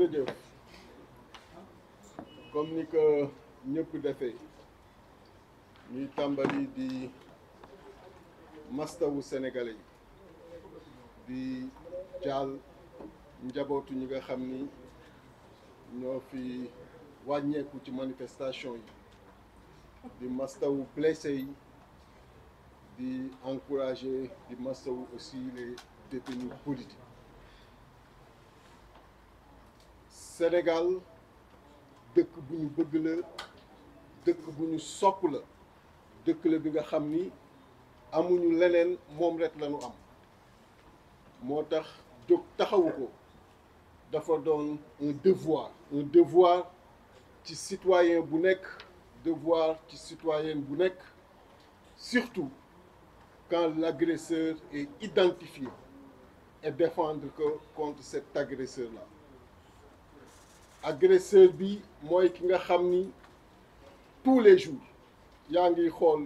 jërëjëf comme ni ko ñëpp defee ñuy tàmbali di mastawu sénégalais yi di jaal njabootu ñi nga xam ni ñoo fi wàññeeku ci manifestation yi di mastawu blessé yi di encourage di mastawu aussi les détenus politiques Sénégal dëkk bu ñu bëgg la dëkk bu ñu sopp la dëkk la bi nga xam ni amuñu leneen moom rek lañu am moo tax jóg taxawu ko dafa doon un devoir un devoir ci citoyen bu nekk devoir ci citoyenne bu nekk surtout quand l'agresseur est identifié et défendre que contre cet agresseur la agresseur bi mooy ki nga xam ni tous les jours yaa ngiy xool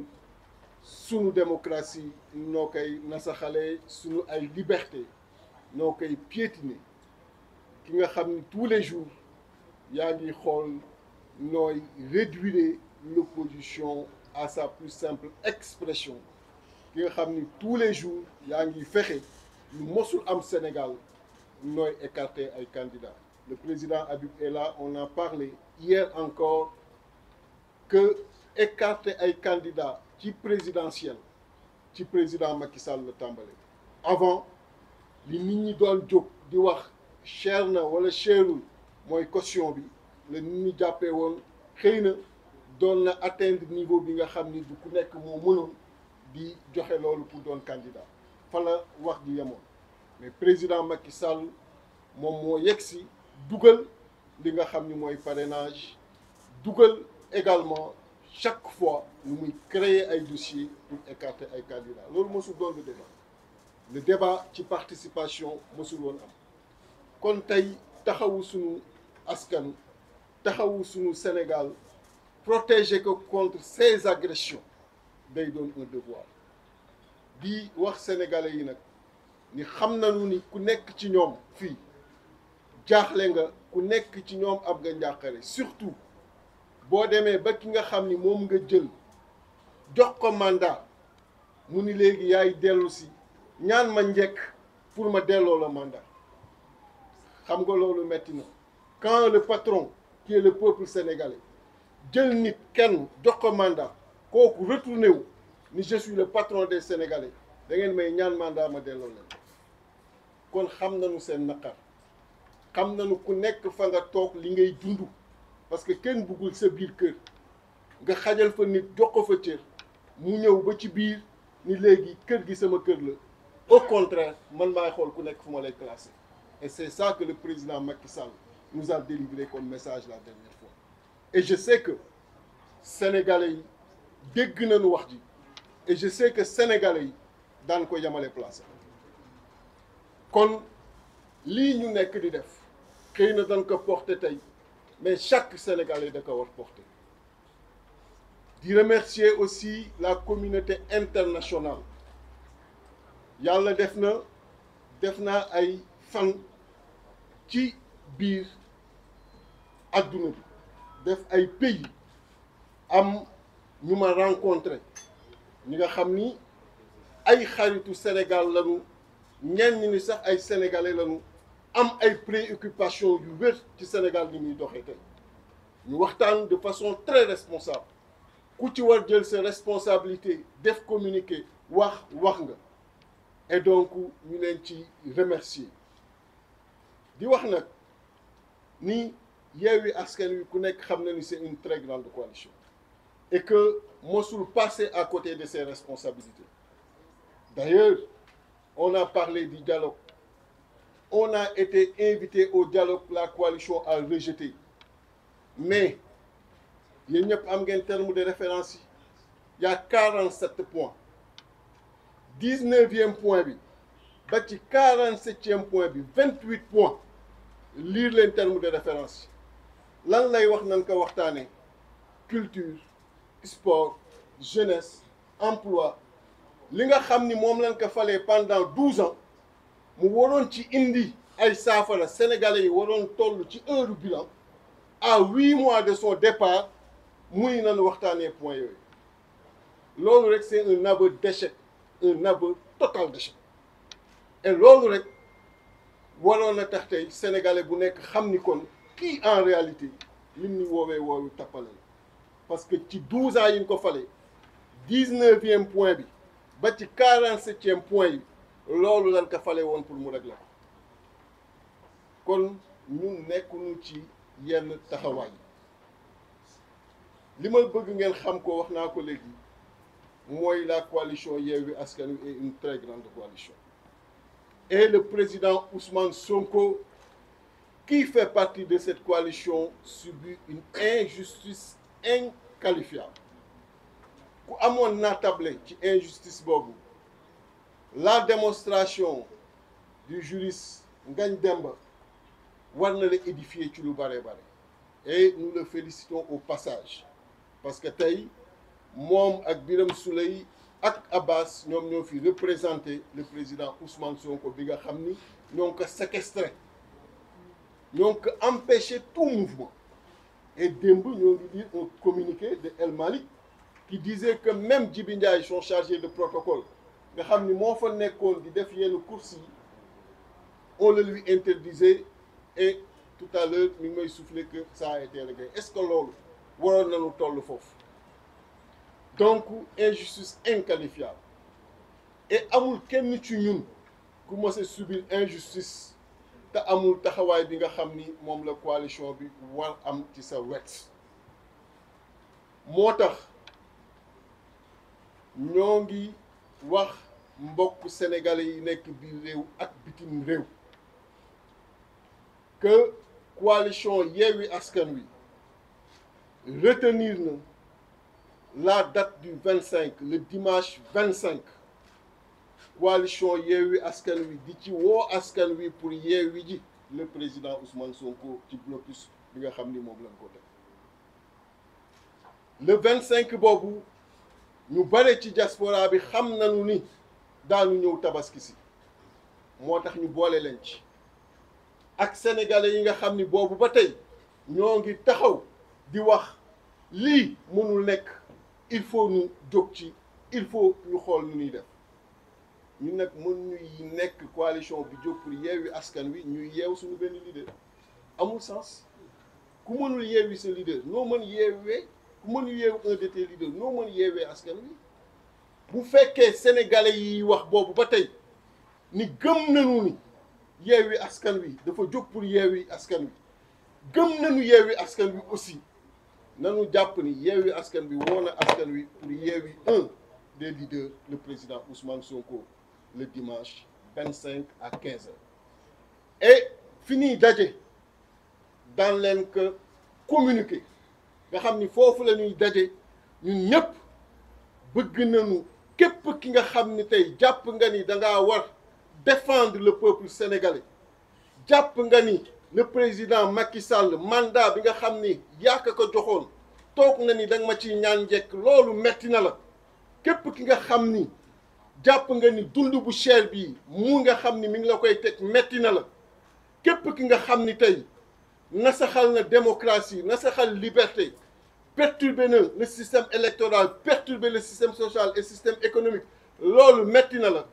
sunu démocratie noo koy nasaxalee sunu ay liberté noo koy piétiner ki nga xam ni tous les jours yaa ngi xool nooy réduire l'opposition à sa plus simple expression ki nga xam ni tous les jours yaa ngi fexe lu mosul am Sénégal nooy écarter ay candidats le président Habib est là, on a parlé hier encore que écarter ay candidats ci présidentiel ci président Macky Sall la tàmbale avant li nit ñi doon jóg di wax cher na wala cherul mooy caution bi la nit ñi jàppee woon xëy na doon na atteindre niveau bi nga xam ni du ku nekk moo mënoon di joxe loolu pour doon candidat fa la wax ji yemoon mais président Macky moom moo yegg si dugal li nga xam ni mooy parrainage dugal également chaque fois nu muy créer ay dossiers pour écarter ay candidats loolu mosul doon le débat le débat ci participation mosul am kon tey taxawu suñu askan taxawu sunu Sénégal protéger ko contre ces agressions day doon un devoir di wax sénégalais yi nag ni xam nañu ni ku nekk ci ñoom fii. jaaxle nga ku nekk ci ñoom ab nga njàqare surtout boo demee ba ki nga xam ni moom nga jël jox ko mandat mu ni léegi yaay dellusi ñaan ma njekk pour ma delloo la mandat xam nga loolu metti na quand le patron qui est le peuple sénégalais jël nit kenn jox ko mandat kooku retourné wu ni je suis le patron des sénégalais da ngeen may ñaan mandat ma delloo la kon xam nañu seen naqar xam nañu ku nekk fa nga toog li ngay dund parce que kenn bëggul sa biir kër nga xajal fa nit jox ko fa cër mu ñëw ba ci biir ni léegi kër gi sama kër la au contraire man maay xool ku nekk fu ma lay classé et c'est ça que le président Macky sal nous a délivré comme message la dernière fois et je sais que sénégalais yi dégg nañu wax ji et je sais que sénégalais yi daan ko yamale placé kon lii ñu nekk di def xëy na dañ ko porté tey mais chaque Sénégalais da ko war porté di remercier aussi la communauté internationale yàlla def na def naa ay fan ci biir adduna bi def ay pays am ñu ma rencontré ñi nga xam ni ay xaritu Sénégal lañu ñenn ñi ni sax ay sénégalais lañu am ay préoccupations yu wér ci Sénégal ni muy doxee tey ñu waxtaan de façon très responsable ku ci war jël sa responsabilité def communiqué wax wax nga et donc ñu leen ci remercier di wax nag ni Yewwi Askan Wi ku nekk xam na ni c'est une très grande coalition et que mosul passer à côté de ses responsabilités d'ailleurs on a parlé du dialogue. On a été invité au dialogue, la coalition à rejeté. Mais, il n'y a pas de terme de référence. Il y a 47 points. 19e point, 47e point, 28 points. Lire les termes de référence. lan lay wax nan ko waxtaane culture sport jeunesse emploi li nga xam ni moom lañ ko falee pendant douze ans mu waroon ci indi ay saafara sénégalais yi waroon toll ci heure bilan à huit mois de son départ muy nan waxtaanee point yooyu loolu rek c'est un aveu d'échec un aveu total d'échec et loolu rek waroon na tax tey sénégalais bu nekk xam ni kon kii en réalité lim ni woowee woowu tappale la parce que ci douze ans yi ñu ko falee dix-neuvième point bi ba ci quarante septième point yi loolu lan ko fale woon pour mu régler kon ñun nekkuñu ci yenn taxawaay li ma bëgg ngeen xam ko wax naa ko léegi mooy la coalition Yewwi Askan Wi est une très grande coalition et le président Ousmane Sonko qui fait partie de cette coalition subit une injustice inqualifiable ku amoon naatable ci injustice boobu la démonstration du juriste Ngagne Demba war na la édifier ci lu bare bare et nous le félicitons au passage parce que tey moom ak Birame Souleye ak Abbas ñoom ñoo fi représenté le président Ousmane Sonko bi nga xam ni ñoo ko séquestré ñoo ko empêché tout mouvement et démb ñoo ngi lire un communiqué de El qui disait que même Djibi Ndiaye son chargé de protocole nga xam ni moo fa nekkoon di def yenn course yi on le lui interdisait et tout à l'heure mi ngi may souffler que ça a été réglé est que loolu waroon nañu toll foofu donc injustice inqualifiable et amul kenn ci ñun ku mës a subir injustice te amul taxawaay bi nga xam ni moom la coalition bi war am ci sa wet moo tax ñoo ngi wax mbokk sénégalais yi nekk biir réew ak bitim réew que coalition Yewwi Askan Wi retenir na la date du 25 le dimanche 25 coalition Yewwi Askan Wi di ci woo askan wi pour yeewi ji le président Ousmane Sonko ci blocus bi nga xam ni moom lañ ko def le 25 boobu. ñu bare ci jasporaa bi xam nañu ni daanu ñëw tabaski si moo tax ñu boole leen ci ak sénégalais yi nga xam ni boobu ba tey ñoo ngi taxaw di wax lii mënul nekk il faut ñu jóg ci il faut ñu xool nu ñuy def ñu nekk mën ñuy nekk coalition bi jóg pour yeewi askan wi ñuy yeew suñu benn leader amul sens ku mënul yeewi sa leader noo mën yeewee mënu yeewu un de tes leaders noo mën yeewee askan wi bu fekkee sénégalais yi wax boobu ba tey ni gëm nañu ni yeewi askan wi dafa jóg pour yeewi askan wi gëm nañu yeewi askan wi aussi nanu jàpp ni yeewi askan wi woo na askan wi pour yeewi un des leaders le président Ousmane Sonko le dimanche vingt cinq à quinze heures et fi ñuy daje daan leen ko nga xam ni foofu la ñuy daje ñun ñëpp bëgg nañu képp ki nga xam ni tey jàpp nga ni da ngaa war défendre le peuple sénégalais jàpp nga ni le président Macky Sall mandat bi nga xam ni yaa ko joxoon toog na ni da nga ma ciy ñaan njekk loolu metti na la képp ki nga xam ni jàpp nga ni dund bu cher bii mu nga xam ni mi ngi la koy teg metti na la képp ki nga xam ni tey. nasaxal na démocratie nasaxal liberté perturber na le système électoral perturber le système social et système économique loolu metti na la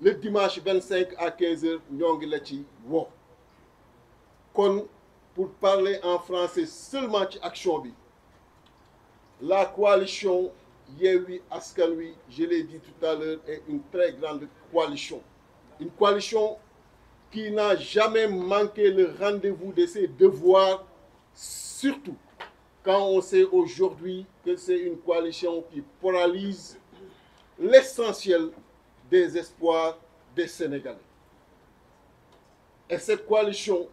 le dimanche vingt cinq à quinze heures ñoo ngi la ci woo kon pour parler en français seulement ci action bi la coalition Askan Wi je l'ai dit tout à l'heure est une très grande coalition une coalition qui n'a jamais manqué le rendez-vous de ses devoirs, surtout quand on sait aujourd'hui que c'est une coalition qui paralyse l'essentiel des espoirs des Sénégalais. Et cette coalition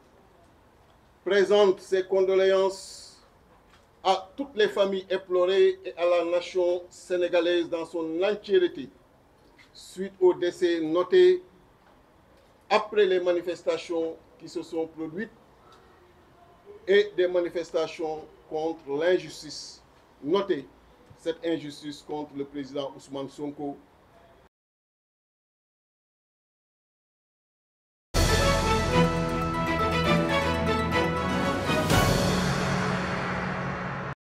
présente ses condoléances à toutes les familles éplorées et à la nation sénégalaise dans son entièreté suite au décès noté après les manifestations qui se sont produites et des manifestations contre l'injustice. Notez cette injustice contre le président Ousmane Sonko